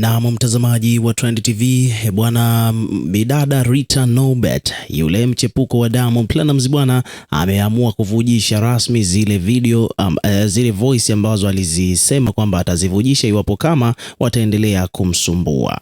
Na mtazamaji wa Trend TV bwana, bidada Rita Nobet yule mchepuko wa Diamond Platnumz bwana, ameamua kuvujisha rasmi zile video um, uh, zile voice ambazo alizisema kwamba atazivujisha iwapo kama wataendelea kumsumbua.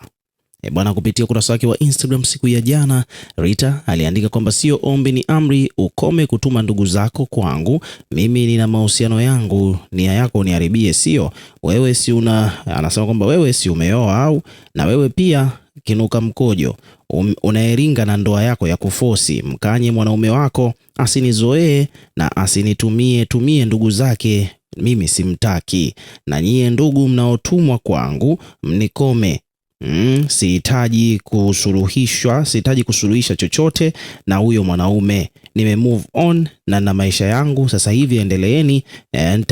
E bwana, kupitia ukurasa wake wa Instagram siku ya jana, Rita aliandika kwamba sio ombi, ni amri, ukome kutuma ndugu zako kwangu. Mimi nina mahusiano yangu, nia yako uniharibie, sio wewe. Si una anasema kwamba wewe si umeoa au? Na wewe pia kinuka mkojo, um, unaeringa na ndoa yako ya kufosi. Mkanye mwanaume wako asinizoee na asinitumie tumie ndugu zake, mimi simtaki. Na nyie ndugu mnaotumwa kwangu mnikome Mm, sihitaji kusuluhishwa, sihitaji kusuluhisha chochote na huyo mwanaume. Nime move on na na maisha yangu sasa hivi, endeleeni e,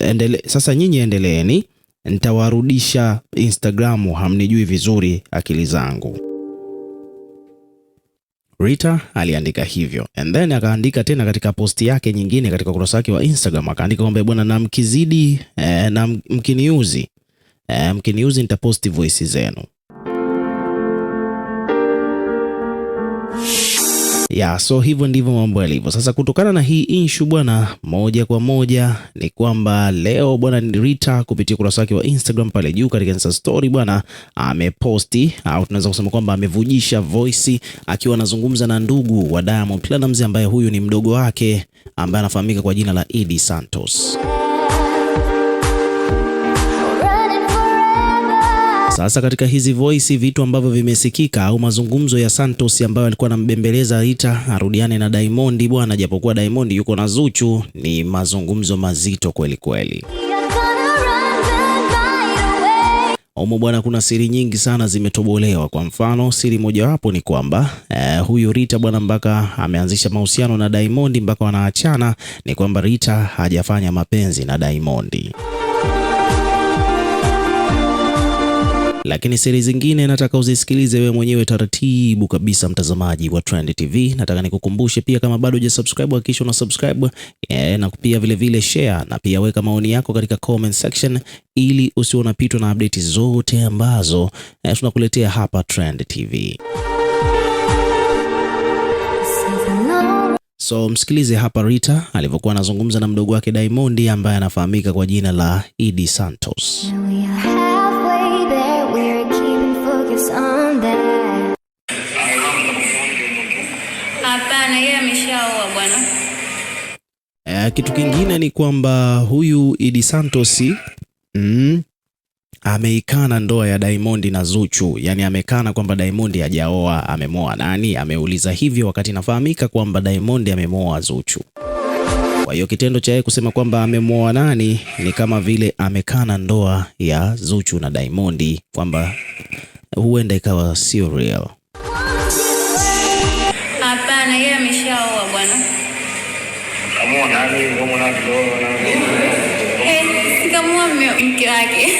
endele, sasa nyinyi endeleeni, nitawarudisha Instagram, hamnijui vizuri akili zangu. Rita aliandika hivyo and then akaandika tena katika posti yake nyingine katika ukurasa wake wa Instagram akaandika kwamba bwana, na mkizidi eh, na mkiniuzi eh, mkiniuzi nitaposti voice zenu ya so hivyo ndivyo mambo yalivyo sasa. Kutokana na hii inshu bwana, moja kwa moja ni kwamba leo bwana Rita kupitia ukurasa wake wa Instagram pale juu katika Insta story bwana ameposti au tunaweza kusema kwamba amevujisha voice akiwa anazungumza na ndugu wa Diamond Platnumz ambaye huyu ni mdogo wake ambaye anafahamika kwa jina la edi Santos. Sasa katika hizi voice vitu ambavyo vimesikika au mazungumzo ya Santos ambayo alikuwa anambembeleza Rita arudiane na Diamond bwana, japokuwa Diamond yuko na Zuchu, ni mazungumzo mazito kweli kweli. Omo bwana, kuna siri nyingi sana zimetobolewa. Kwa mfano, siri mojawapo ni kwamba eh, huyu Rita bwana, mpaka ameanzisha mahusiano na Diamond mpaka wanaachana, ni kwamba Rita hajafanya mapenzi na Diamond. lakini siri zingine nataka uzisikilize wewe mwenyewe taratibu kabisa, mtazamaji wa Trend TV. Nataka nikukumbushe pia, kama bado hujasubscribe hakikisha una subscribe yeah, na pia vile vile share na pia weka maoni yako katika comment section, ili usio unapitwa na update zote ambazo eh, tunakuletea hapa Trend TV. So msikilize hapa Rita alivyokuwa anazungumza na mdogo wake Diamond ambaye anafahamika kwa jina la Idi Santos. Hapana, yeye ameshaoa bwana. Eh, kitu kingine ni kwamba huyu Idi Santos mm, ameikana ndoa ya Diamond na Zuchu, yaani amekana kwamba Diamond hajaoa. Amemoa nani? Ameuliza hivyo wakati inafahamika kwamba Diamond amemoa Zuchu. Kwa hiyo kitendo cha yeye kusema kwamba amemoa nani ni kama vile amekana ndoa ya Zuchu na Diamond kwamba huenda ikawa sio real. Hapana, yeye ameshaoa bwana. Eh, Sikamua mke wake.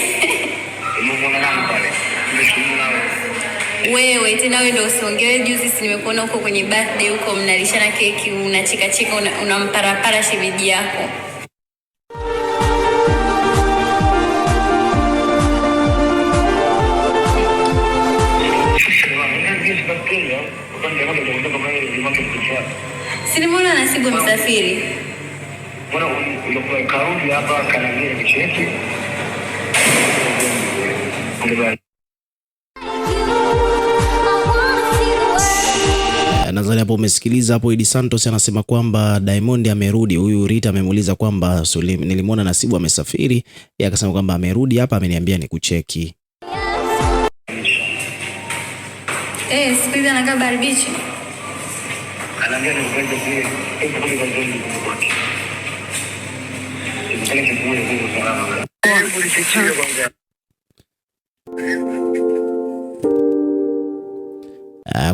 Wewe tena wewe ndio usiongee. Juzi si nimekuona huko kwenye birthday huko mnalishana keki, unachikachika unamparapara shemeji yako. Sinimwona Nasibu Msafiri. Eh, nadhani hapo umesikiliza hapo. Idi Santos anasema kwamba Diamond amerudi. Huyu Rita amemuuliza kwamba nilimwona Nasibu amesafiri, yeye akasema kwamba amerudi hapa, ameniambia ni kucheki. Eh, siku hizi anakaa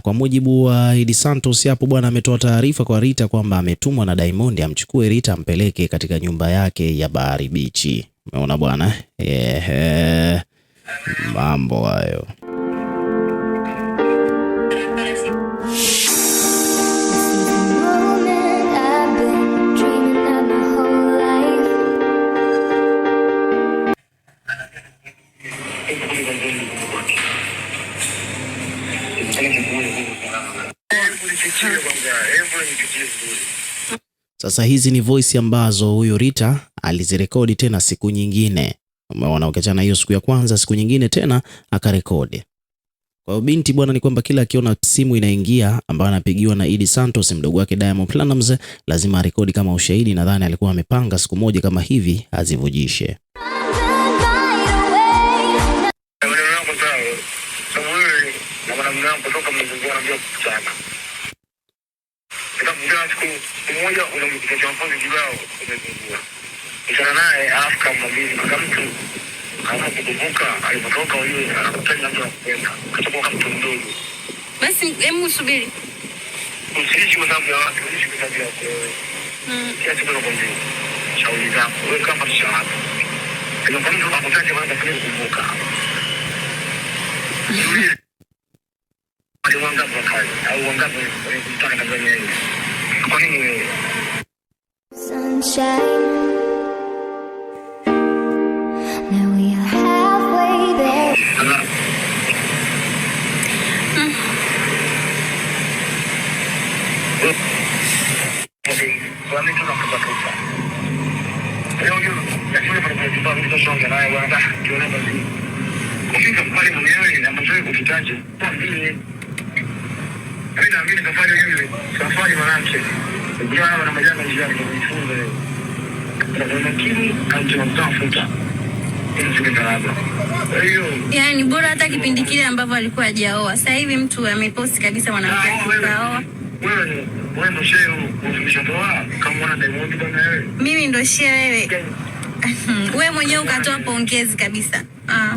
Kwa mujibu wa Idi Santos hapo bwana ametoa taarifa kwa Rita kwamba ametumwa na Diamond amchukue Rita ampeleke katika nyumba yake ya Bahari Bichi. Umeona bwana? Yeah, mambo hayo. Sasa hizi ni voice ambazo huyu Rita alizirekodi tena siku nyingine, umeona, ukiachana hiyo siku ya kwanza, siku nyingine tena akarekodi. Kwa hiyo binti bwana, ni kwamba kila akiona simu inaingia ambayo anapigiwa na Idi Santos, mdogo wake Diamond Platnumz, lazima arekodi kama ushahidi. Nadhani alikuwa amepanga siku moja kama hivi azivujishe. Itakuja siku moja unamkuta cha mfano kibao umepungua. Nikana naye alafu kamwambia kaka mtu kama kukumbuka alipotoka yule eh, anakuta ni mtu anakupenda. Kachukua kama mtu mdogo. Basi hebu subiri. Usiishi kwa sababu ya watu, usiishi kwa sababu ya wewe. Mm. Kiasi kwa kwambia. Shauri zako wewe kama shahada. Ndio kama mtu anakutaka kwanza kukumbuka. 哎，我我我，我你干啥子呢？欢迎。sunshine. Now we are halfway there. 哎。嗯。嗯。好的，我来处理这个投诉。朋友，你是不是觉得你把人受伤了？我我我，你不要担心。我今天过来的目的，来帮助你解决问题。放心。mimi nikafanya hivi safari, manake ndio hapa na majanga Na yaani, bora hata kipindi kile ambavyo alikuwa hajaoa. Sasa hivi mtu ameposti kabisa mwanamke ah, akaoa. Wewe Mimi ndo shehe wewe. Wewe mwenyewe ukatoa pongezi kabisa. Ah.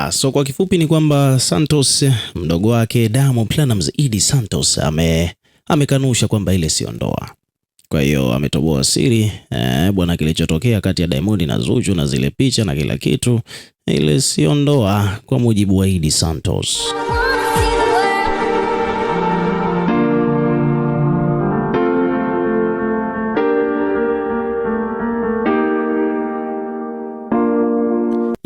Yeah, So kwa kifupi ni kwamba Santos mdogo wake Diamond Platnumz Idi Santos ame amekanusha kwamba ile sio ndoa. Kwa hiyo ametoboa siri eh, bwana, kilichotokea kati ya Diamond na Zuchu na zile picha na kila kitu, ile sio ndoa kwa mujibu wa Idi Santos.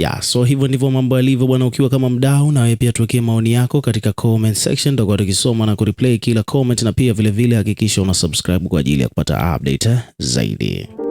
ya so hivyo ndivyo mambo yalivyo bwana. Ukiwa kama mdau, na wewe pia tuwekee maoni yako katika comment section, tutakuwa tukisoma na kureplay kila comment, na pia vilevile hakikisha vile una subscribe kwa ajili ya kupata update zaidi.